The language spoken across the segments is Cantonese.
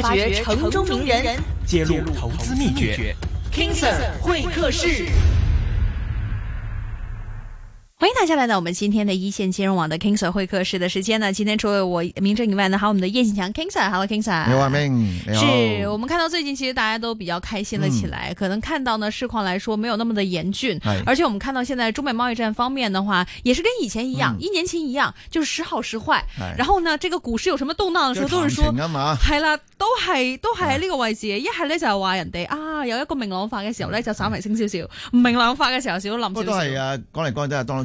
發掘城中名人，人，揭露投資秘訣。秘訣 King Sir 會客室。歡迎大家來到我們今天的一線金融網的 KingSir 會客室的時間呢。今天除了我明正以外呢，還有我們的葉景強 KingSir。Hello KingSir，你好。是我們看到最近其實大家都比較開心了起來，嗯、可能看到呢市況來說沒有那麼的嚴峻，嗯，而且我們看到現在中美貿易戰方面的話，也是跟以前一樣，嗯、一年前一樣，就是時好時壞，嗯。然後呢，這個股市有什麼動盪的時候，都是說，係啦，都係都係呢個外界、啊，一係咧就話人哋啊，有一個明朗化嘅時候咧，啊、就稍微升少少，唔、嗯、明朗化嘅時候，少少。都係啊，講嚟講去係當。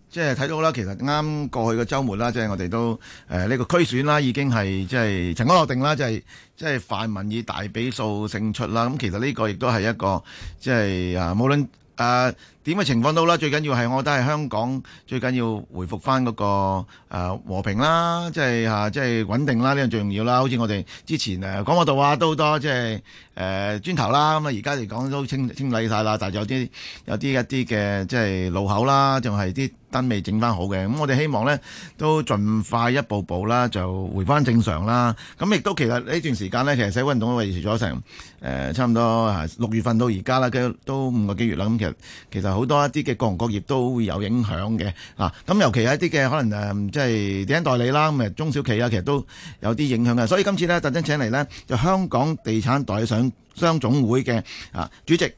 即係睇到啦，其實啱過去個週末啦，即係我哋都誒呢、呃這個區選啦，已經係即係塵埃落定啦，即係即係泛民以大比數勝出啦。咁其實呢個亦都係一個即係啊，無論啊。點嘅情況都啦，最緊要係，我覺得係香港最緊要回復翻、那、嗰個、呃、和平啦，即係、啊、即係穩定啦，呢樣最重要啦。好似我哋之前誒港島道啊，都好多即係誒、呃、磚頭啦，咁啊而家嚟講都清清理晒啦，但係有啲有啲一啲嘅即係路口啦，仲係啲燈未整翻好嘅。咁、嗯、我哋希望呢都盡快一步步啦，就回翻正常啦。咁、嗯、亦都其實呢段時間呢，其實社會運動都維持咗成誒、呃、差唔多六月份到而家啦，都五個幾月啦。咁其實。其實好多一啲嘅各行各業都會有影響嘅，咁、啊、尤其係一啲嘅可能、嗯、即係地產代理啦，咁、啊、中小企啊，其實都有啲影響嘅。所以今次咧，特登請嚟咧，就香港地產代理商總會嘅啊主席。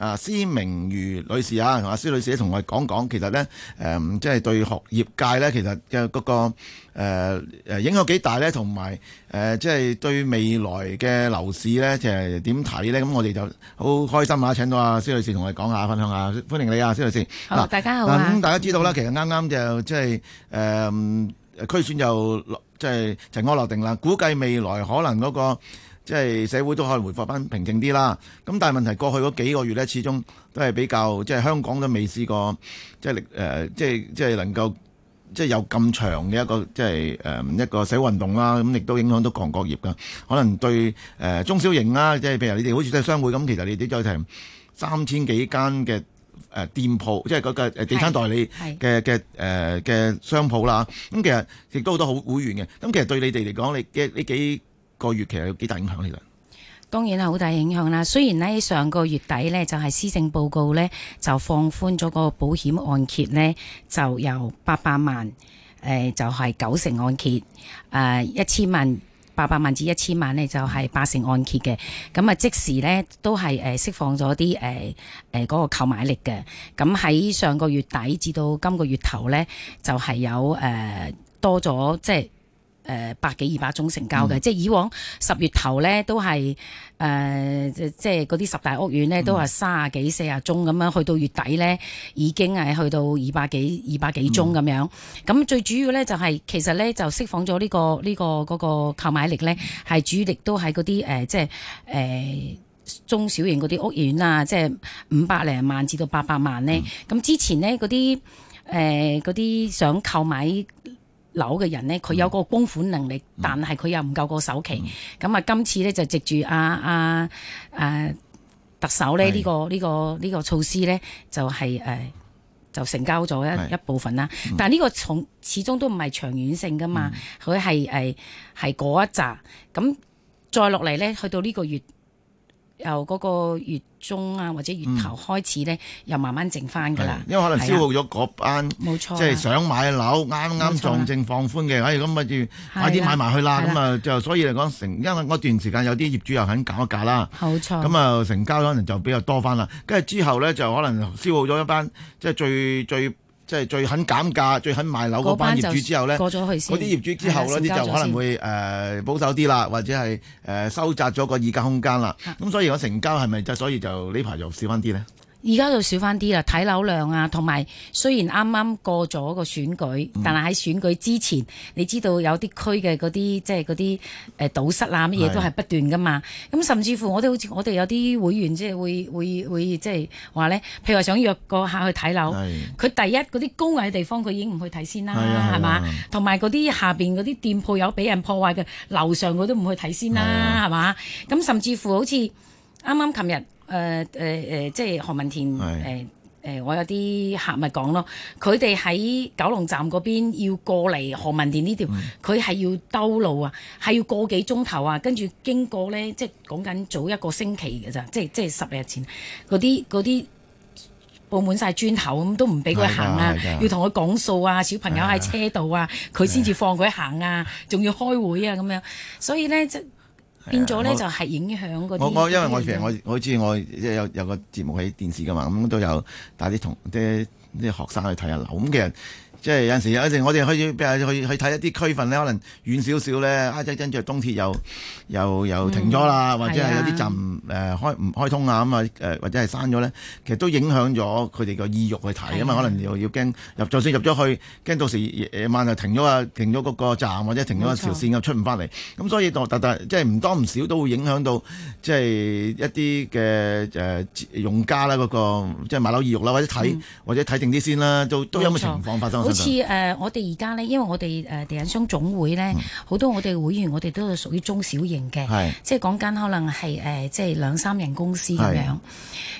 啊，施明如女士啊，同阿施女士同、啊、我哋講講，其實咧，誒、嗯，即、就、係、是、對學業界咧，其實嘅、那、嗰個誒誒、呃、影響幾大咧，同埋誒，即、呃、係、就是、對未來嘅樓市咧，即係點睇咧？咁我哋就好開心啊！請到阿施女士同我哋講下分享下，歡迎你啊，施女士。好，啊、大家好、啊。咁、啊、大家知道啦，其實啱啱就即係誒，區、呃、選又即係塵埃落定啦，估計未來可能嗰、那個。即係社會都可能回復翻平靜啲啦。咁但係問題，過去嗰幾個月咧，始終都係比較即係香港都未試過，即係、呃、即係即係能夠即係有咁長嘅一個即係、呃、一個社會運動啦。咁亦都影響到各行各業㗎。可能對誒、呃、中小型啦，即係譬如你哋好似都係商會咁，其實你哋再成三千幾間嘅店鋪，即係嗰個地產代理嘅嘅嘅商鋪啦。咁其實亦都好多好會員嘅。咁其實對你哋嚟講，你嘅呢幾個月其實有幾大影響嚟㗎？當然係好大影響啦。雖然咧，上個月底咧就係施政報告咧就放寬咗個保險按揭咧，就由八百萬誒就係九成按揭，誒一千萬八百萬至一千萬咧就係八成按揭嘅。咁啊，即時咧都係誒釋放咗啲誒誒嗰個購買力嘅。咁喺上個月底至到今個月頭咧，就係有誒多咗即係。誒百幾二百宗成交嘅、嗯，即係以往十月頭咧都係誒、呃、即係嗰啲十大屋苑咧都係三十幾四十宗咁樣，嗯，去到月底咧已經係去到二百幾二百幾宗咁樣。咁、嗯、最主要咧就係、是、其實咧就釋放咗呢、這個呢、這個嗰、那個購買力咧，係、嗯、主力都係嗰啲誒即係誒、呃、中小型嗰啲屋苑啊，即係五百零萬至到八百萬咧。咁、嗯、之前呢嗰啲誒嗰啲想購買樓嘅人咧，佢有個供款能力，嗯、但係佢又唔夠個首期。咁、嗯、啊，今次咧就藉住啊啊誒特首咧呢、呢個呢、呢個呢、呢個措施咧，就係、是、誒、呃、就成交咗一一部分啦。嗯、但係呢個從始終都唔係長遠性㗎嘛，佢係誒係嗰一紮。咁再落嚟咧，去到呢個月。由嗰個月中啊，或者月頭開始咧、嗯，又慢慢剩翻噶啦。因為可能消耗咗嗰班，即係、啊就是、想買樓啱啱、啊、撞正放寬嘅，可以咁咪住，快啲買埋去啦。咁啊，哎、就，啊就所以嚟講，成因為嗰段時間有啲業主又肯搞減價啦。冇錯。咁啊，成交可能就比較多翻啦。跟住之後咧，就可能消耗咗一班，即係最最。最即係最肯減價、最肯賣樓嗰班業主之後咧，嗰啲業主之後咧，啲就可能會誒、呃、保守啲啦，或者係誒、呃、收窄咗個議價空間啦。咁所以個成交係咪就所以就呢排又少翻啲咧？而家就少翻啲啦，睇樓量啊，同埋雖然啱啱過咗個選舉，嗯、但係喺選舉之前，你知道有啲區嘅嗰啲即係嗰啲誒堵塞啊乜嘢都係不斷㗎嘛。咁甚至乎我哋好似我哋有啲會員會會會即係會會會即係話咧，譬如話想約個客去睇樓，佢第一嗰啲高位嘅地方佢已經唔去睇先啦，係嘛、啊啊？同埋嗰啲下面嗰啲店鋪有俾人破壞嘅樓上佢都唔去睇先啦，係嘛、啊？咁甚至乎好似啱啱琴日。誒誒誒，即係何文田誒誒、呃呃，我有啲客咪講咯，佢哋喺九龍站嗰邊要過嚟何文田呢條，佢、嗯、係要兜路啊，係要個幾鐘頭啊，跟住經過咧，即係講緊早一個星期嘅咋，即係即係十日前嗰啲嗰啲佈滿晒磚頭咁，都唔俾佢行啊，要同佢講數啊，小朋友喺車度啊，佢先至放佢行啊，仲要開會啊咁樣，所以咧即。變咗咧就係影響嗰啲。我我，我因為我平我我知我即係有有個節目喺電視噶嘛，咁都有帶啲同啲啲學生去睇下樓咁嘅。即係有陣時，有陣時我哋可以，譬如去去睇一啲區份咧，可能遠少少咧，啊,即跟住東鐵又又又停咗啦、嗯，或者係有啲站誒、哎呃、開唔開通啊，咁啊誒或者係閂咗咧，其實都影響咗佢哋個意欲去睇啊嘛，可能又要驚入，就算入咗去，驚到時夜晚又停咗啊，停咗個站或者停咗條線又出唔翻嚟，咁所以特特即係唔多唔少都會影響到即係一啲嘅誒用家啦，嗰、嗰個、即係買樓意欲啦，或者睇、嗯、或者睇定啲先啦，都都有咁嘅情況發生。 好似誒、呃，我哋而家咧，因為我哋誒、呃、地產商總會咧，好、嗯、多我哋會員，我哋都係屬於中小型嘅，係即係講緊可能係誒即係兩三人公司咁樣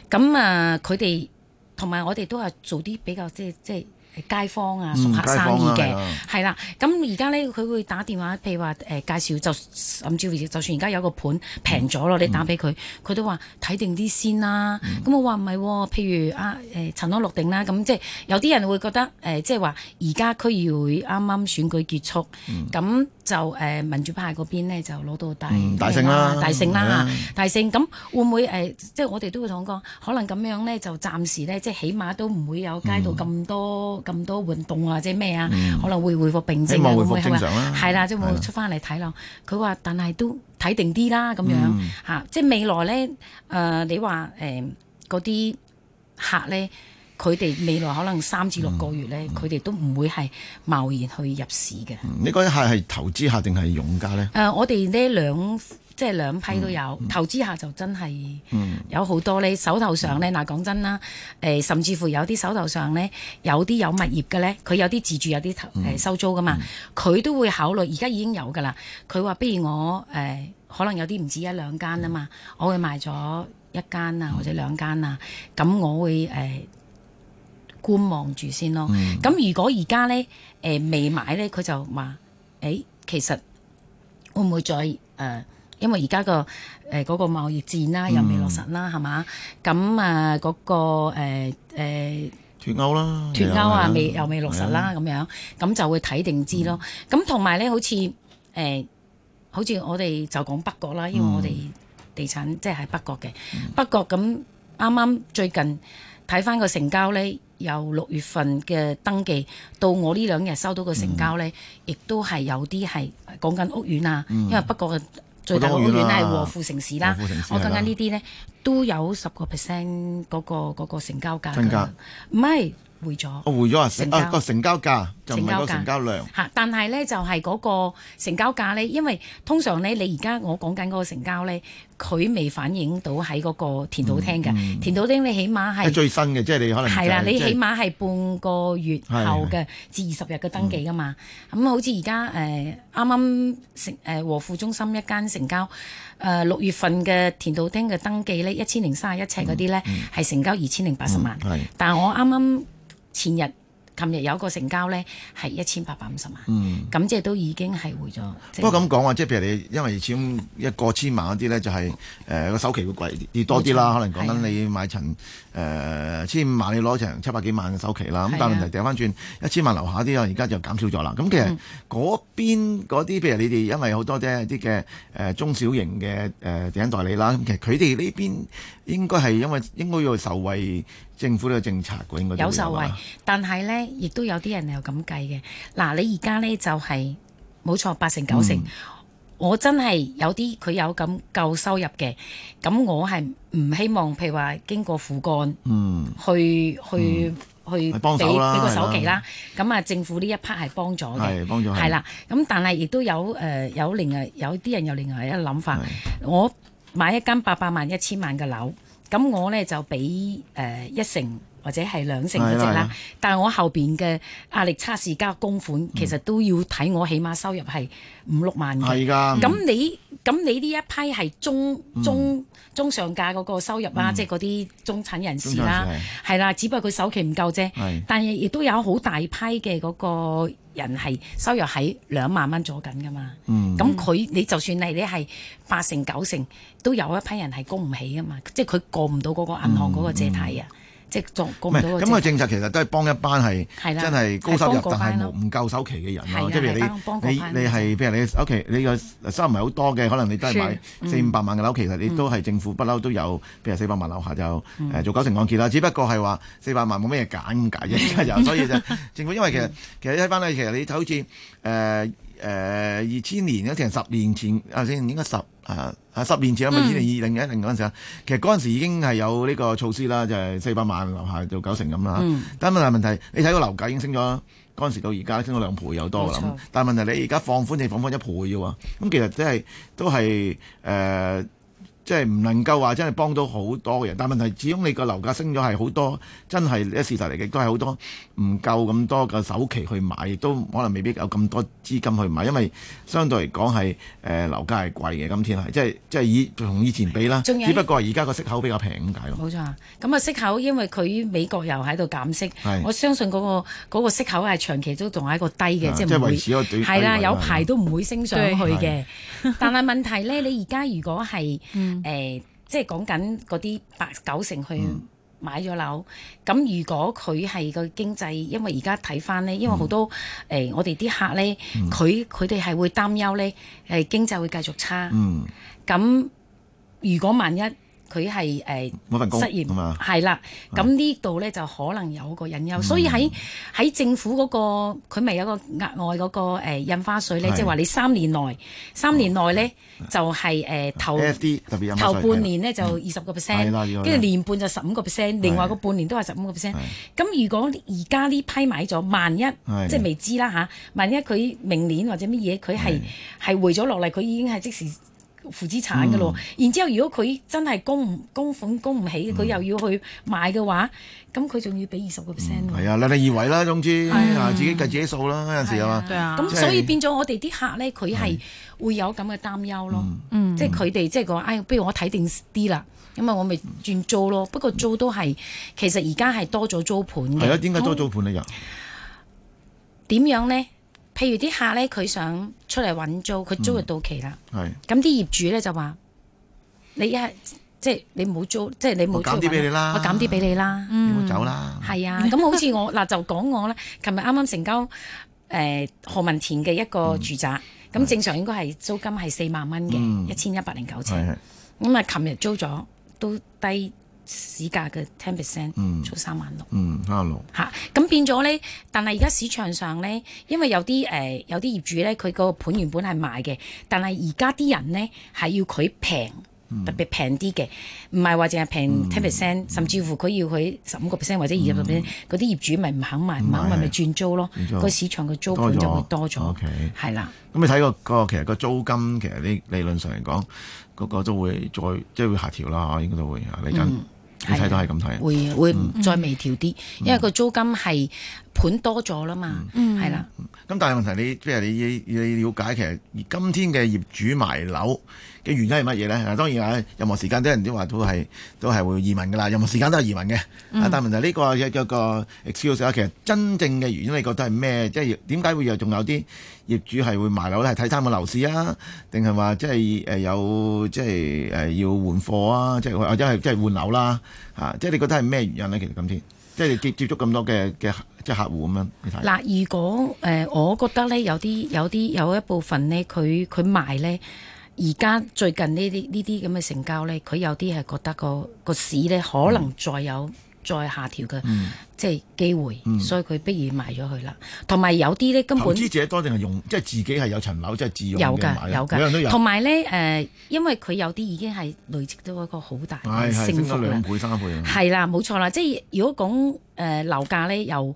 咁啊，佢哋同埋我哋都係做啲比較即係即係。就是街坊啊、嗯，熟客生意嘅，係啦、啊。咁而家咧，佢會打電話，譬如話、呃、介紹，就就算而家有個盤平咗咯，你打俾佢，佢、嗯、都話睇定啲先啦、啊。咁、嗯嗯、我話唔係，譬如啊誒、呃，陳安落定啦、啊。咁即係有啲人會覺得、呃、即係話而家區議會啱啱選舉結束，咁、嗯、就誒、呃、民主派嗰邊咧就攞到大、嗯，大勝啦，大勝啦，大勝。咁會唔會、呃、即係我哋都會同佢講，可能咁樣咧就暫時咧，即係起碼都唔會有街道咁多、嗯。咁多運動啊，或者咩啊、嗯？可能會回復病症復正常啊，會唔會啊？係啦、嗯啊，即係會出翻嚟睇咯。佢話：但係都睇定啲啦，咁樣嚇。即係未來咧，誒、呃、你話誒嗰啲客咧，佢哋未來可能三至六個月咧，佢、嗯、哋都唔會係貿然去入市嘅、嗯。你嗰啲客係投資客定係用家咧？誒、呃，我哋呢兩。即係兩批都有，嗯嗯、投資客，就真係有好多咧、嗯。手頭上咧，嗱、嗯、講真啦，誒、呃、甚至乎有啲手頭上咧，有啲有物業嘅咧，佢有啲自住，有啲收租噶嘛，佢、嗯嗯、都會考慮。而家已經有噶啦，佢話不如我、呃、可能有啲唔止一兩間啊嘛、嗯，我會賣咗一間啊或者兩間啊，咁、嗯、我會誒、呃、觀望住先咯。咁、嗯、如果而家咧誒未買咧，佢就話誒、欸、其實會唔會再誒？呃因為而家個誒嗰個貿易戰、嗯那個呃、啦又又，又未落實啦，係嘛？咁啊，嗰個誒脱歐啦，脱歐啊，未又未落實啦，咁、啊、樣，咁就會睇定知咯。咁同埋咧，好似誒、呃，好似我哋就講北角啦，因為我哋地產即係喺北角嘅、嗯、北角。咁啱啱最近睇翻個成交咧，由六月份嘅登記到我呢兩日收到個成交咧，亦、嗯、都係有啲係講緊屋苑啊，因為北角嘅。最大屋苑咧係和富城市啦、啊，我講緊呢啲咧都有十個 percent 嗰個嗰個成交價噶，唔係回咗，回咗啊，個成交價。成交，量成交價但係咧就係、是、嗰個成交價咧，因為通常咧，你而家我講緊嗰個成交咧，佢未反映到喺嗰個田土廳嘅、嗯嗯。田土廳你起碼係最新嘅，即係你可能係、就、啦、是啊，你起碼係半個月後嘅至二十日嘅登記噶嘛。咁、嗯嗯、好似而家誒啱啱成、呃、和富中心一間成交誒六、呃、月份嘅田土廳嘅登記咧，一千零三十一尺嗰啲咧，係、嗯嗯、成交二千零八十萬。嗯、但係我啱啱前日。琴日有個成交咧，係一千八百五十萬，咁即係都已經係回咗。不過咁講話，即係譬如你因為始終一個千萬嗰啲咧，就係誒個首期會貴啲多啲啦。可能講緊你買層誒、啊呃、千五萬，你攞成七百幾萬嘅首期啦。咁、啊、但係問題掉翻轉一千萬樓下啲啊，而家就減少咗啦。咁、啊、其實嗰邊嗰啲譬如你哋，因為好多啫啲嘅誒中小型嘅誒地產代理啦，咁其實佢哋呢邊。應該係因為應該要受惠政府呢個政策嘅，應該有。有受惠，但係咧，亦都有啲人又咁計嘅。嗱，你而家咧就係、是、冇錯，八成九成、嗯，我真係有啲佢有咁夠收入嘅，咁我係唔希望譬如話經過苦幹，嗯，去去、嗯、去俾俾個首期啦。咁啊，政府呢一 part 係幫咗嘅，幫助係啦。咁但係亦都有誒、呃，有另外有啲人有另外一個諗法，我。買一間八百萬一千萬嘅樓，咁我呢就俾誒、呃、一成或者係兩成嗰隻啦。但我後面嘅壓力測試加供款，嗯、其實都要睇我起碼收入係五六萬嘅。係㗎。咁、嗯、你？咁你呢一批係中、嗯、中中上價嗰個收入啦、啊，嗯、即係嗰啲中產人士啦、啊，係啦，只不過佢首期唔夠啫。是但係亦都有好大批嘅嗰個人係收入喺兩萬蚊左緊㗎嘛。咁佢、嗯、你就算係你係八成九成都有一批人係供唔起㗎嘛，即係佢過唔到嗰個銀行嗰個借貸啊。嗯嗯。咁嘅政，政策其實都係幫一班係真係高收入但係冇唔夠首期嘅人咯。即係你你你係譬如你屋企你個、okay, 收入唔係好多嘅，可能你都係買四五百萬嘅樓、嗯，其實你都係政府不嬲都有，譬如四百萬樓下就、嗯嗯、做九成按揭啦。只不過係話四百萬冇咩揀咁解啫。所以就政府 因為其實其實睇返咧，其實你就好似誒、呃、二千年嗰陣十年前啊，先應該十啊啊十年前啊，咪二零二零一零嗰陣時啊，其實嗰陣時已經係有呢個措施啦，就係，是，四百萬樓下就九成咁啦，嗯。但係問題，你睇個樓價已經升咗，嗰陣時到而家升咗兩倍有多咁。但係問題你，你而家放寬你放翻一倍要咁其實即，就，係，是，都係誒。呃即係唔能夠話真係幫到好多嘅人，但問題始終你個樓價升咗係好多，真係一時嚟嘅都係好多，唔夠咁多嘅首期去買，亦都可能未必有咁多資金去買，因為相對嚟講係誒樓價係貴嘅，今天係即係即係以同以前比啦，只不過係而家個息口比較平咁解咯。冇錯，咁啊息口因為佢美國又喺度減息，我相信嗰個嗰個息口係長期都仲係一個低嘅，即係係啦，有排都唔會升上去嘅。但係問題咧，你而家如果係誒、呃，即係講緊嗰啲八九成去買咗樓，咁、嗯、如果佢係個經濟，因為而家睇翻咧，因為好多誒、嗯呃，我哋啲客咧，佢佢哋係會擔憂咧，誒、呃、經濟會繼續差，咁、嗯、如果萬一。佢係誒失業嘛，係啦，咁呢度咧就可能有個隱憂，所以喺喺政府嗰個，佢咪有個額外嗰個誒印花稅咧？即係話你三年內，三年內咧就係誒頭頭半年咧就二十個 percent，跟住年半就十五個 percent，另外個半年都係十五個 percent。咁如果而家呢批買咗，萬一即係未知啦吓，萬一佢明年或者乜嘢，佢係係回咗落嚟，佢已經係即時。負資產㗎咯，然之後如果佢真係供唔供款供唔起，佢又要去買嘅話，咁佢仲要俾二十個 percent 咯。係、嗯、啊，你你以為啦，總之、嗯、自己計自己數啦，嗰、嗯、陣時、哎、對啊嘛。咁所以變咗我哋啲客咧，佢係會有咁嘅擔憂咯。即係佢哋即係話，哎，不如我睇定啲啦，咁啊我咪轉租咯。不過租都係其實而家係多咗租盤嘅。係啊，點解多租盤啊？又、哦、點樣咧？譬如啲客咧，佢想出嚟揾租，佢租就到期啦。係、嗯，咁啲業主咧就話你一即係你唔好租，即係你冇。減啲俾你啦，我減啲俾你啦，嗯、你唔好走啦。係啊，咁好似我嗱就講我咧，琴日啱啱成交誒、呃、何文田嘅一個住宅，咁、嗯、正常應該係租金係四萬蚊嘅一千一百零九尺，咁啊琴日租咗都低。市價嘅 ten percent，租三萬六，嗯，三萬六，嚇、啊、咁變咗咧。但係而家市場上咧，因為有啲誒、呃、有啲業主咧，佢個盤原本係賣嘅，但係而家啲人咧係要佢平、嗯，特別平啲嘅，唔係話淨係平 ten percent，甚至乎佢要佢十五個 percent 或者二十個 percent，嗰啲業主咪唔肯賣，唔肯賣咪轉租咯。個市場嘅租盤就會多咗，係、okay、啦。咁你睇、個、個其實個租金其實啲理論上嚟講，嗰、個都會再即係會下調啦嚇，應該都會嚟緊。睇都係咁睇，會會再微調啲、嗯，因為個租金係盤多咗啦嘛，嗯係啦。咁但係問題，你即係你你，你了解，其實而今天嘅業主賣樓。嘅原因係乜嘢咧？當然啊，任何時間啲人都話都係都係會移民噶啦。任何時間都有移民嘅、嗯啊、但問題呢、呢個一個、呢個 excuse、啊、其實真正嘅原因，你覺得係咩？即係點解會有仲有啲業主係會賣樓咧？係睇三個樓市啊，定係話即係有即係要換貨啊？即係或者係即係換樓啦嚇？即係你覺得係咩原因咧？其實今次即係你接接觸咁多嘅嘅即係客戶咁樣，嗱。如果、呃、我覺得咧，有啲有啲有，有，有一部分咧，佢佢賣咧。而家最近呢啲呢啲咁嘅成交咧，佢有啲係覺得個個市咧可能再有、嗯、再下調嘅、嗯、即係機會，嗯、所以佢不如賣咗佢啦。同埋有啲咧根本投資者多定係用，即係自己係有層樓，即係自用嚟買，有噶有噶，同埋咧誒，因為佢有啲已經係累積咗一個好大嘅升幅啦。係、哎、啦，冇錯啦，即係如果講誒、呃、樓價咧又。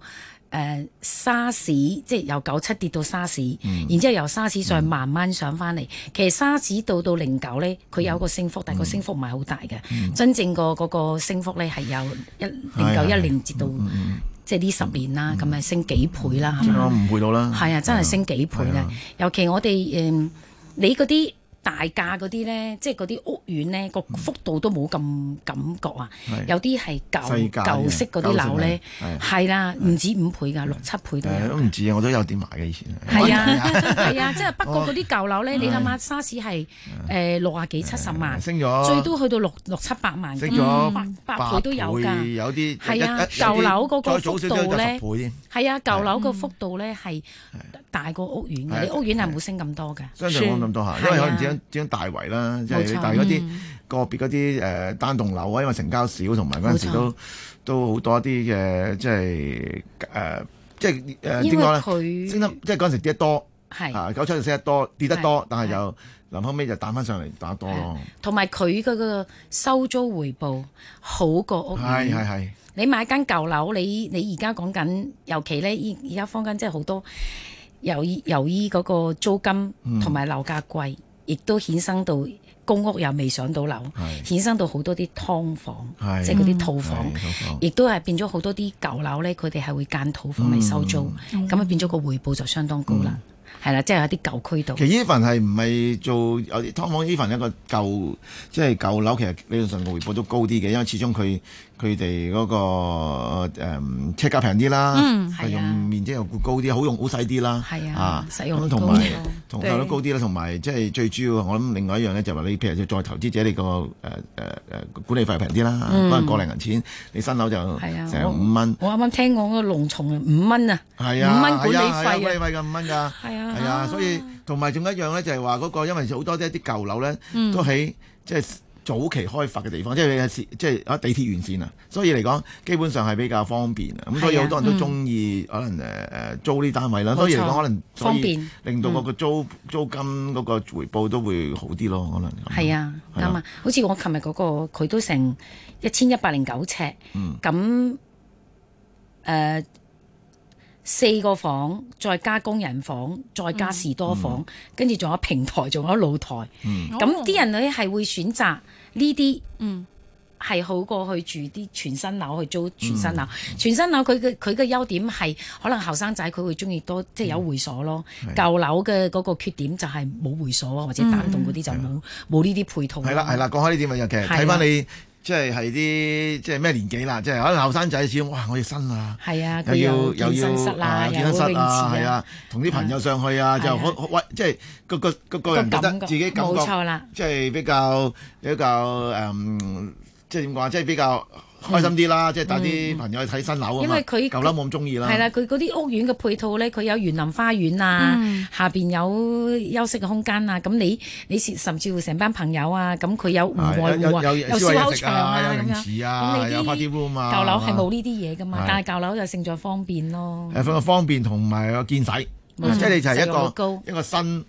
誒、呃、沙士即係由九七跌到沙士，嗯、然之後由沙士再慢慢上翻嚟、嗯。其實沙士到到零九咧，佢有個升幅，嗯、但係、嗯、個升幅唔係好大嘅。真正個嗰個升幅咧係由一零九一年至到、嗯、即係呢十年啦，咁、嗯、咪升幾倍啦？點解唔倍到啦，係啊，真係升幾倍咧、啊啊！尤其我哋誒、嗯、你嗰啲，大價嗰啲咧，即係嗰啲屋苑咧，個幅度都冇咁感覺啊！嗯、有啲係舊舊式嗰啲樓咧，係啦，唔、啊啊啊啊啊、止五倍㗎，六七倍都唔止我都有點買嘅以前。係啊係啊，即係、 啊就係、不過嗰啲舊樓咧，你諗下係、啊，沙士係誒、呃啊、六啊幾七十萬，啊、升咗，最多去到六六七百萬。升百、嗯、倍，倍都有㗎，有啲係啊，係啊，係啊、嗯、舊樓嗰個幅度咧，係啊舊樓個幅度咧係大過屋苑嘅，屋苑係冇升咁多嘅，咁多因為可能將大圍啦，即、就、係、是、但係嗰啲個別嗰啲誒單棟樓啊，因為成交少，同埋嗰陣時都都好多一啲嘅即係誒，即係誒點講咧？佢即係嗰陣時跌得多，係、啊、九七就升得多，跌得多，但係又，臨後尾就彈翻上嚟，打得多。同埋佢嗰個收租回報好過屋企。係係係。你買間舊樓，你你而家講緊，尤其咧，而而家坊間真係好多，由於由於嗰個租金同埋樓價貴。嗯亦都衍生到公屋又未上到樓，衍生到好多啲劏房，即係嗰啲套房，亦、嗯、都係變咗好多啲舊樓咧。佢哋係會間套房嚟、嗯、收租，咁、嗯、啊變咗個回報就相當高啦。嗯係啦，即係有啲舊區度。其實 even 係唔係做有啲劏房？even 一個舊即係舊樓，其實理論上個回報都高啲嘅，因為始終佢佢哋嗰個誒、嗯、車價平啲啦，佢、嗯、用面積又高啲，好用好細啲啦。係啊，咁同埋同樓高啲啦，同埋即係最主要我諗另外一樣咧，就話你譬如再投資者，你個誒誒誒管理費平啲啦，可、嗯、能個零銀錢，你新樓就成五蚊。我啱啱聽講個龍松五蚊啊，五蚊管理費啊，係啊，噶五蚊噶。喂喂係啊，啊，所以同埋仲一樣咧，就係話嗰個，因為好多啲舊樓咧，都喺即係早期開發嘅地方，嗯、即係即啊地鐵沿線啊，所以嚟講基本上係比較方便啊。咁所以好多人都中意、嗯、可能誒、呃、租呢單位啦。所以嚟講可能方便，令到嗰個租租金嗰個回報都會好啲咯，可能係啊啱啊！好似、啊啊、我琴日嗰個佢都成一千一百零九尺咁誒。嗯四個房，再加工人房，再加士多房，跟住仲有平台，仲有露台。咁、嗯、啲人咧係會選擇呢啲，係、嗯、好過去住啲全新樓去租全新樓。嗯、全新樓佢嘅佢嘅優點係，可能後生仔佢會中意多，即、就、係、是、有會所咯、嗯。舊樓嘅嗰個缺點就係冇會所啊、嗯，或者單棟嗰啲就冇冇呢啲配套。係啦係啦，講開呢點啊，其實睇翻你。即係係啲即係咩年紀啦，即係可能後生仔先哇，我要新啊，係啊，又要健身室啦，健身室啊，係啊，同啲、啊啊、朋友上去啊，啊就啊即係、啊啊、個個個、啊、個人覺得自己感覺啦，即係比較比較誒，即係點講，即係比較。比較嗯即開心啲啦，即係帶啲朋友去睇新樓啊！因為佢舊樓冇咁中意啦。係啦，佢嗰啲屋苑嘅配套咧，佢有園林花園啊，下邊有休息嘅空間啊。咁你你甚至乎成班朋友啊，咁佢有戶外湖啊，有燒烤場啊，有泳池啊咁樣。咁你啲舊樓係冇呢啲嘢噶嘛？但係舊樓就勝在方便咯。係比較方便同埋個見使，即係你就係一個高一個新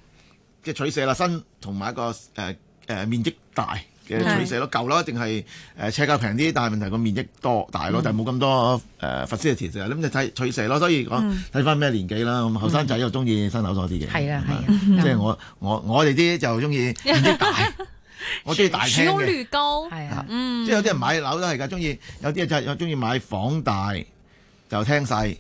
即係取捨啦，新同埋一個誒誒面積大。嘅取捨咯，舊樓一定係誒車價平啲，但係問題個面積多大咯，就冇、是、咁多誒，facilities 咁就睇取捨咯。所以講睇返咩年紀啦，咁後生仔又鍾意新樓多啲嘅，係啊係啊，即係我我我哋啲就鍾意面積大，我鍾意大廳嘅，產 率高，嗯，即係有啲人買樓都係㗎，鍾意有啲就又中意買房大就廳細，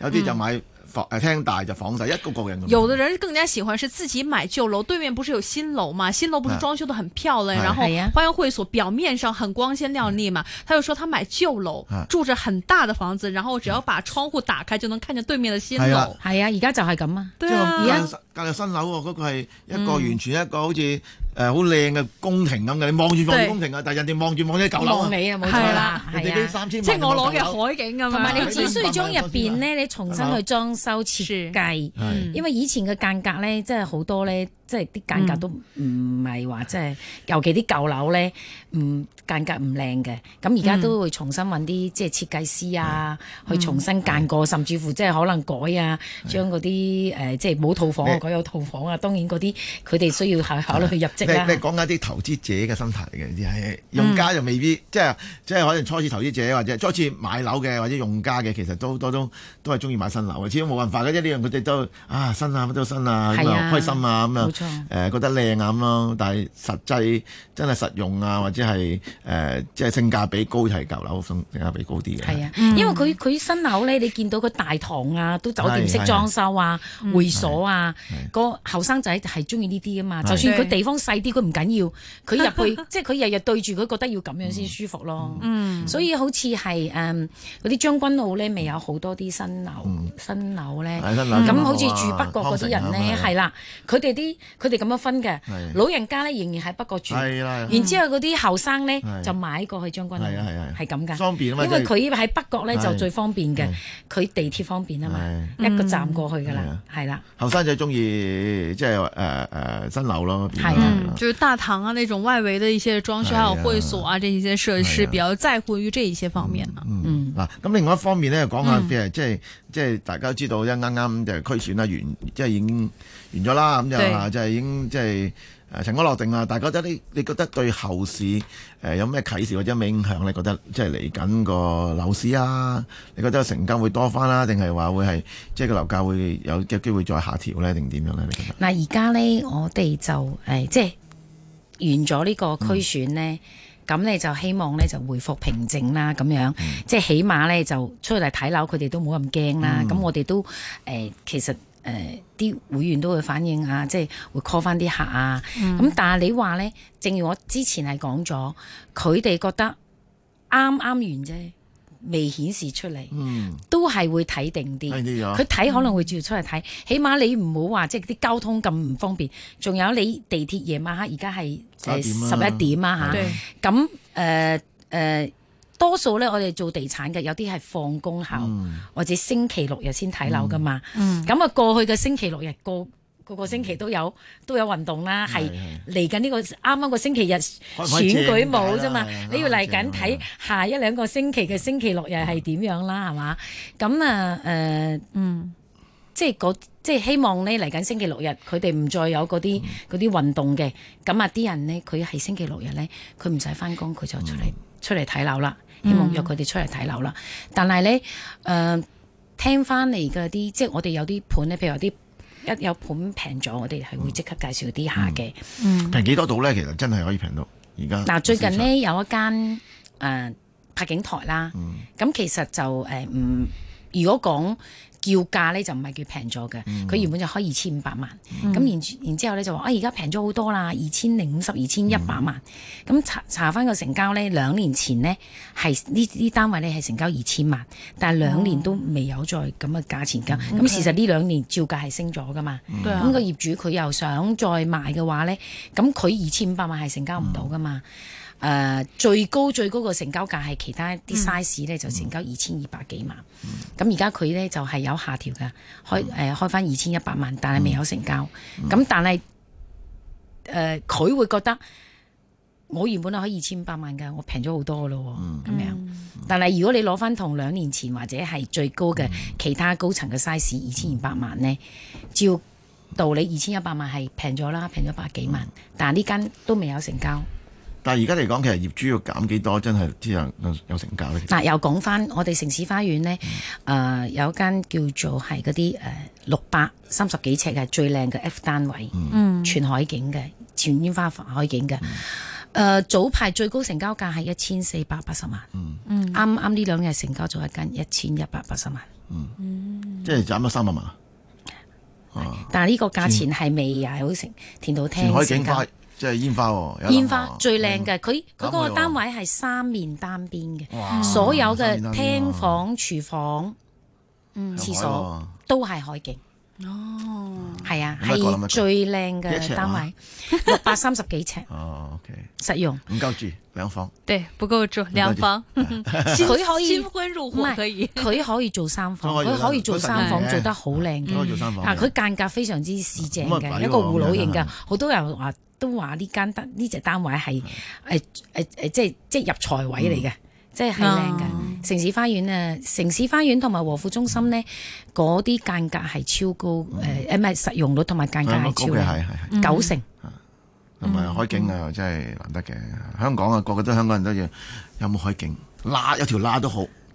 有啲就買。嗯聽房誒，大就房大，一個一個人。有的人更加喜歡是自己買舊樓，對面不是有新樓嘛？新樓不是裝修得很漂亮，然後花園會所表面上很光鮮亮麗嘛？他又說他買舊樓，住着很大的房子，然後只要把窗戶打開就能看見對面的新樓。係啊，而家就係咁啊，而家隔籬新樓嗰個係一個、嗯、完全一個好似。誒好靚嘅宮廷咁嘅，你望住望啲宮廷你啊，但係、啊啊、人哋望住望啲舊樓啊，望尾啊冇錯啦，人哋即係三千萬我攞嘅海景咁啊，同埋你只需要將入邊咧，你重新去裝修設計，啊啊嗯、因為以前嘅間隔咧，即係好多咧，即係啲間隔都唔係話即係，尤其啲舊樓咧，唔間隔唔靚嘅，咁而家都會重新揾啲即係設計師啊，嗯、去重新間過、啊，甚至乎即係可能改啊，啊將嗰啲誒即係冇套房改、啊、有套房啊，當然嗰啲佢哋需要考考慮去入職。你你講緊啲投資者嘅心態嚟嘅，用家就未必，嗯、即係即係可能初次投資者或者初次買樓嘅或者用家嘅，其實都都都都係中意買新樓，始終冇辦法嘅啫。呢樣佢哋都啊新啊乜都新啊咁、啊、開心啊咁樣，誒、呃、覺得靚啊咁咯。但係實際真係實用啊，或者係誒、呃、即係性價比高係舊樓性性價比高啲嘅。係啊、嗯，因為佢佢新樓咧，你見到個大堂啊，都酒店式裝修啊，會所啊，是是是個後生仔係中意呢啲啊嘛。就算佢地方細。啲佢唔緊要，佢入去 即係佢日日對住佢覺得要咁樣先舒服咯。嗯，嗯所以好似係誒嗰啲將軍澳咧，未有好多啲新樓、嗯、新樓，新樓咧。咁好似住北角嗰啲人咧，係啦，佢哋啲佢哋咁樣分嘅。老人家咧仍然喺北角住。係啦。然之後嗰啲後生咧就買過去將軍澳。係咁㗎。因為佢喺北角咧就最方便嘅，佢地鐵方便啊嘛、嗯，一個站過去㗎啦。係啦。後生仔中意即係誒誒新樓咯。係啊。嗯嗯、就是、大堂啊，那種外圍的一些裝修、啊，還有會所啊，這一些設施比較在乎於這一些方面啊，啊嗯，嗱、嗯，咁、嗯啊、另外一方面咧，講下、嗯、即係即係大家都知道，一啱啱就區選啦完，即係已經完咗啦，咁就即係已經即係。誒塵埃落定啊！大家覺得你，你覺得對後市誒、呃、有咩啟示或者有咩影響，你覺得即係嚟緊個樓市啊，你覺得成交會多翻啦，定係話會係即係個樓價會有即係機會再下調呢？定點樣呢？嗱，而家呢，我哋就誒、呃、即係完咗呢個區選呢。咁、嗯、呢就希望呢就回復平靜啦，咁樣、嗯、即係起碼呢就出去嚟睇樓，佢哋都冇咁驚啦。咁、嗯、我哋都誒、呃、其實。誒、呃、啲會員都會反映下，即係會 call 翻啲客啊。咁、嗯、但係你話咧，正如我之前係講咗，佢哋覺得啱啱完啫，未顯示出嚟、嗯，都係會睇定啲。佢睇、啊、可能會照出嚟睇、嗯。起碼你唔好話即係啲交通咁唔方便，仲有你地鐵夜晚黑而家係誒十一點啊嚇。咁誒誒。多數咧，我哋做地產嘅，有啲係放工後、嗯、或者星期六日先睇樓噶嘛。咁、嗯、啊，嗯、過去嘅星期六日個，個個星期都有都有運動啦。係嚟緊呢個啱啱個星期日選舉舞啫嘛。你要嚟緊睇下一兩個星期嘅星期六日係點樣啦，係、嗯、嘛？咁啊，誒、呃，嗯，即係即係希望咧嚟緊星期六日，佢哋唔再有嗰啲嗰啲運動嘅。咁、嗯、啊，啲人咧，佢係星期六日咧，佢唔使翻工，佢就出嚟、嗯、出嚟睇樓啦。希望約佢哋出嚟睇樓啦，但係咧，誒、呃，聽翻嚟嘅啲，即係我哋有啲盤咧，譬如有啲一有盤平咗，我哋係會即刻介紹啲下嘅。平、嗯、幾多度咧？其實真係可以平到而家。嗱，最近呢，有一間誒柏景台啦，咁、嗯、其實就誒唔、呃，如果講。叫價咧就唔係叫平咗嘅，佢原本就開二千五百萬，咁、嗯、然然之後咧就話啊而家平咗好多啦，二千零五十、二千一百萬。咁、嗯、查查翻個成交咧，兩年前咧係呢呢單位咧係成交二千萬，但係兩年都未有再咁嘅價錢㗎。咁、哦、事、嗯 okay，實呢兩年照價係升咗㗎嘛。咁、嗯、那個業主佢又想再賣嘅話咧，咁佢二千五百萬係成交唔到㗎嘛。嗯 okay，嗯誒、呃、最高最高個成交價係其他啲 size 咧、嗯、就成交二千二百幾萬，咁而家佢咧就係、係、有下調噶，開誒、呃、開翻二千一百萬，但係未有成交。咁、嗯、但係誒佢會覺得我原本係可以二千五百萬嘅，我平咗好多咯咁、嗯、樣。嗯、但係如果你攞翻同兩年前或者係最高嘅、嗯、其他高層嘅 size 二千二百萬呢，照道理二千一百萬係平咗啦，平咗百幾萬，嗯、但係呢間都未有成交。但而家嚟講，其實業主要減幾多，真係啲有成交咧。嗱，又講翻我哋城市花園呢，誒、嗯呃、有一間叫做係嗰啲誒六百三十幾尺嘅最靚嘅 F 單位，嗯、全海景嘅，全煙花海景嘅，誒、嗯呃、早排最高成交價係一千四百八十萬，啱啱呢兩日成交咗一間一千一百八十萬，嗯嗯、即係減咗三百萬。啊、但係呢個價錢係未係好成填到聽？即係煙花喎、哦！煙花，煙花最靚嘅，佢、嗯、佢個單位係三面單邊嘅，所有嘅廳房、廚、啊、房、嗯、廁所、哦、都係海景。哦、嗯，係啊，係、那個、最靚嘅單位，六百三十幾尺、啊。哦，OK， 實用唔夠住兩房。對，不夠住兩房，佢可以入可以，佢可，可以做三房，佢可以做三房做得好靚嘅。做三房。佢、嗯、間隔非常之市正嘅，一個葫蘆型嘅，好、嗯、多人話。都話呢間單，呢隻單位係，誒誒誒，即係即係入財位嚟嘅，嗯，即係靚嘅。城市花園咧，城市花園同埋和富中心呢，嗰，嗯、啲間隔係超高誒誒，唔，嗯、係，呃、實用率同埋間隔係高嘅，係，嗯、係九成，同，嗯、埋海景啊，嗯，真係難得嘅。香港啊，個個都香港人都要有冇海景，拉，有條拉都好。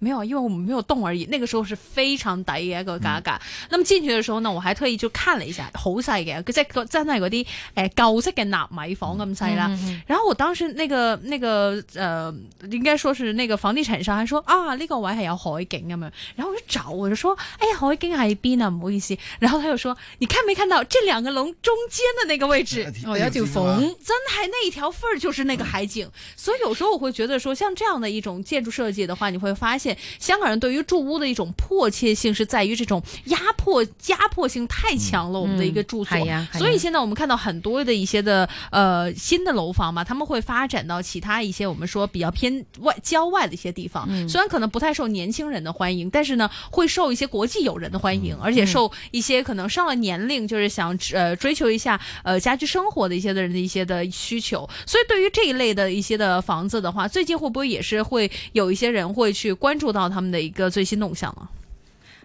沒有，因為我們沒有動而已。那個時候是非常低的一個價格、嗯。那麼進去的時候呢，我還特意就看了一下，好細嘅，即係真係嗰啲誒舊式嘅納米房咁細啦。然後我當時那個那個呃應該說是那個房地產商，還說啊呢、這個位係有海景啊嘛。然後我就找，我就說，哎呀，海景喺邊啊？唔好意思。然後他又說，你看沒看到這兩個龍中間的那個位置？啊、哦，有條縫，真係那一條縫就是那個海景、嗯。所以有時候我會覺得說，像這樣的一種建築設計的話，你會發現。香港人對於住屋的一種迫切性是在於這種壓迫，壓迫性太強了。我們的一個住所、嗯嗯，所以現在我們看到很多的一些的呃新的樓房嘛，他們會發展到其他一些我們說比較偏外郊外的一些地方、嗯。雖然可能不太受年輕人的歡迎，但是呢，會受一些國際友人的歡迎，嗯、而且受一些可能上了年齡就是想呃追求一下呃家居生活的一些的人的一些的需求。所以對於這一類的一些的房子的話，最近會不會也是會有一些人會去關？做到他們嘅一個最新動向啊，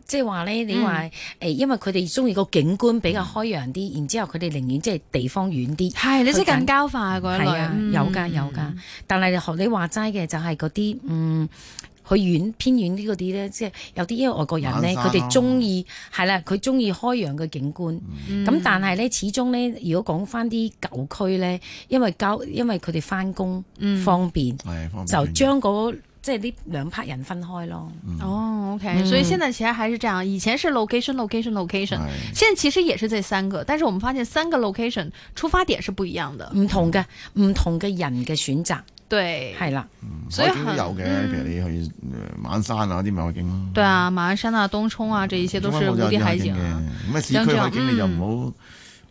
即係話咧，你話誒、欸，因為佢哋中意個景觀比較開揚啲，然之後佢哋寧願即係地方遠啲，係你識近郊化嗰、啊、一類、嗯、啊，有噶有噶，但係學你話齋嘅就係嗰啲，嗯，佢遠、就是嗯、偏遠啲嗰啲咧，即、就、係、是、有啲因為外國人咧，佢哋中意係啦，佢中意開揚嘅景觀，咁、嗯、但係咧始終咧，如果講翻啲舊區咧，因為郊因為佢哋翻工方便，方、嗯、便、嗯、就將嗰、那個。即係呢兩派人分開咯。哦，OK，、嗯、所以現在其實還是這樣，以前是 location，location，location，location, location, 現在其實也是這三個，但是我們發現三個 location 出發點是不一樣的。唔、嗯、同嘅，唔同嘅人嘅選擇。對，係啦，所以都有嘅。譬、嗯、如你去馬鞍、呃、山啊啲咪海景咯。對啊，馬鞍山啊、東涌啊，嗯、這一些都係有啲海景嘅。咩、啊、市區海景你就唔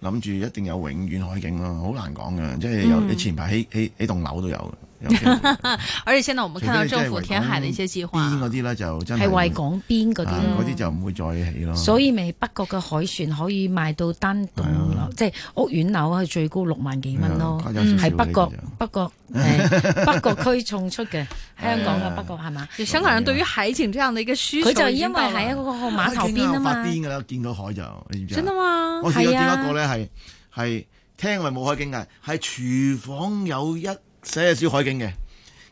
好諗住一定有永遠海景咯、啊，好、嗯、難講嘅。即、就、係、是、有、嗯、你前排喺喺喺棟樓都有 而且現在我們看到政府填海的一些計劃，邊嗰啲咧，就真係為港邊嗰啲，嗰、啊、啲就唔會，、啊、會再起咯。所以咪北角嘅海船可以賣到單棟樓，啊，即係屋苑樓係最高六萬幾蚊咯。係、嗯、北，北角，北角誒， 北角區重出嘅 香港嘅北角係嘛？香 港、啊啊、人對於海情之後，你嘅輸佢就因為喺一個個碼頭邊啊嘛。啊邊嘅見到海就。嗎真的嘛？我試過見一個呢係係廳係冇海景嘅，係廚房有一。寫少海景嘅，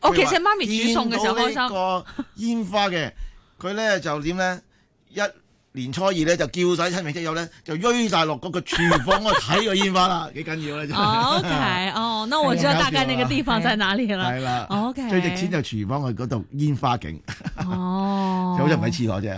我其實媽咪煮餸嘅時候開心。見到呢個煙花嘅，佢 咧就點咧？一年初二咧就叫曬親戚親友咧，就追曬落個個廚房嗰度睇個煙花啦，幾 緊要咧、啊、就。OK，哦，那我知道大概那個地方在哪裏啦。係啦。OK。最值錢就廚房佢嗰度煙花景。 哦。 好就好似唔係廁所啫。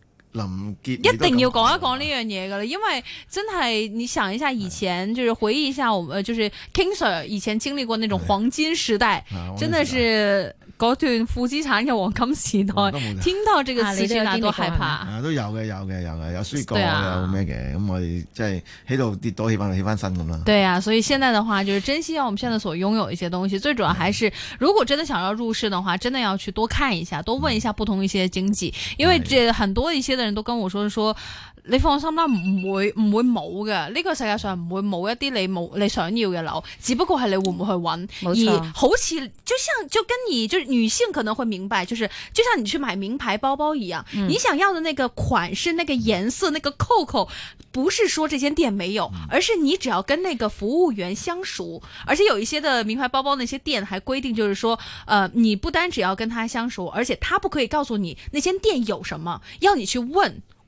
林杰，一定要講一講呢樣嘢噶啦，因為真係你想一下以前，就是回憶一下我們就是 King Sir 以前經歷過那種黃金時代，的真的是。啊嗰段負資產嘅黃金時代，聽到呢個詞大家都、啊、害怕，啊都有嘅有嘅有嘅有輸過、啊、有咩嘅，咁、嗯、我哋即係喺度跌多起翻起翻身咁啦。對啊，所以現在的話，就是珍惜啊，我們現在所擁有一些東西，嗯、最主要還是如果真的想要入市嘅話，真的要去多看一下，多問一下不同一些經濟，因為這很多一些的人都跟我說說。嗯嗯你放心啦，唔會唔會冇嘅。呢個世界上唔會冇一啲你冇你想要嘅樓，只不過係你會唔會去揾。而好似，就像就跟你，就是女性可能會明白，就是就像你去買名牌包包一樣，嗯、你想要的那個款式，那個顏色，那個扣扣，不是說這間店沒有，而是你只要跟那個服務員相熟，而且有一些的名牌包包那些店還規定，就是說，呃，你不單只要跟他相熟，而且他不可以告訴你那間店有什麼，要你去問。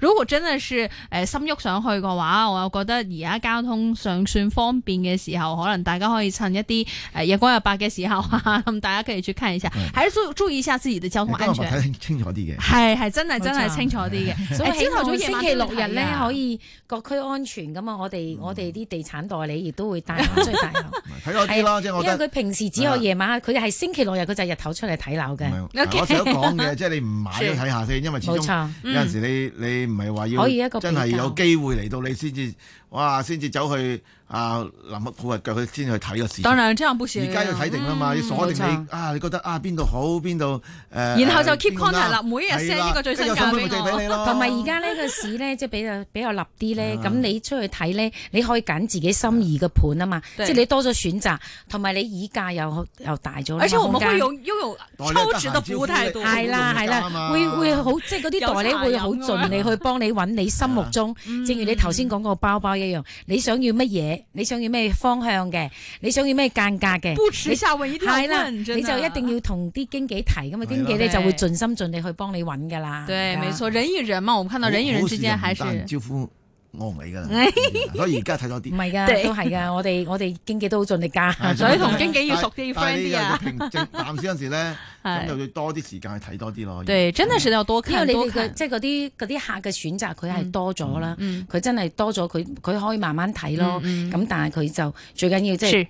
如果真係是誒、呃、心喐上去嘅話，我又覺得而家交通尚算方便嘅時候，可能大家可以趁一啲誒、呃、日光日白嘅時候、嗯、大家可以去看一下，嗯、還注注意一下自己的交通安全，清、嗯、清楚啲嘅，係係真係真係清楚啲嘅。誒，朝頭早星期六日咧可以各區安全咁啊、嗯！我哋我哋啲地產代理亦都會帶埋出去睇樓，睇多啲啦，即係我覺得，因為佢平時只有夜晚，佢 係星期六日佢就日頭出嚟睇樓嘅。嗯、okay, 我想講嘅即係你唔買都睇下先，因為冇錯有陣時你你。嗯你你唔係話要可以一個真係有機會嚟到你先至。哇！先至走去啊，林乜鋪啊，腳去先去睇個市。當然，這樣不行。而家要睇定啊嘛、嗯，要鎖定你啊！你覺得啊，邊度好，邊度誒？然後就 keep contact 啦、啊，每一日 send 呢個最新價俾你。同埋而家呢個市 呢，即係比較比較立啲咧。咁你出去睇呢，你可以揀自己心意嘅盤啊嘛。即係你多咗選擇，同埋你議價又又大咗。而且我哋會用擁有超值嘅服務態度。係啦，係啦會會好，即係嗰啲代理會好盡力去幫你揾你心目中。啊、正如你頭先講個包包。嗯嗯你想要乜嘢？你想要咩方向嘅？你想要咩間格嘅？不恥下問，一定要問，係啦，你就一定要同啲經紀提咁啊，經紀咧就會盡心盡力去幫你揾㗎喇。對，沒錯，人與人嘛，我們看到人與人之間還是。我唔理噶啦， 所以而家睇多啲。唔係噶，都係噶。我哋我哋經紀都好盡力加， 所以同經紀要熟啲、快啲啊。平靜淡時嗰陣時咧，咁又要多啲時間去睇多啲咯。對，真係實在多，因為你哋嘅即係嗰啲啲客嘅選擇，佢、嗯、係多咗啦。佢真係多咗，佢佢可以慢慢睇咯。咁、嗯嗯、但係佢就最緊要、就是、即係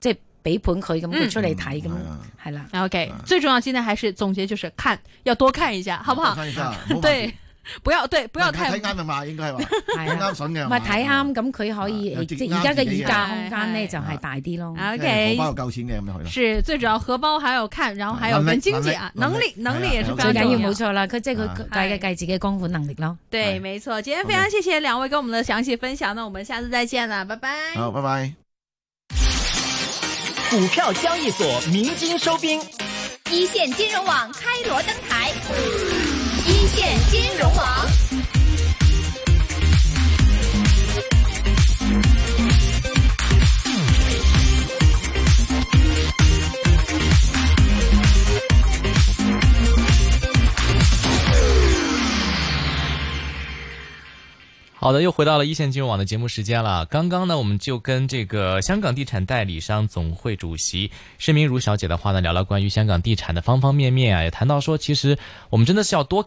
即係俾盤佢咁，佢出嚟睇咁係啦。OK，最重要之呢，還是總結就是看，要多看一下，好唔好？看一下，對。不要對，不要太。睇啱啊嘛，應該係、 嗯、嘛，啱筍嘅。唔係睇啱，咁佢可以。而家嘅議價空間呢，就係大啲咯。O K。荷包夠錢嘅咁就可以。是最主要荷包還有看，然後還有個經濟啊，啊，能力、啊能，力啊、能力也是比較重要。冇錯啦，佢即係佢計嘅計自己嘅功夫能力咯。對，沒錯。今天非常謝謝兩位跟我們的詳細分享，那我們下次再見啦，拜拜。好，拜拜。股票交易所明金收兵，一線金融網開鑼登台。一線金融網。好的，又回到了一線金融網的節目時間了。剛剛呢，我們就跟這個香港地產代理商總會主席施明如小姐的話呢，聊聊關於香港地產的方方面面啊，也談到說，其實我們真的是要多。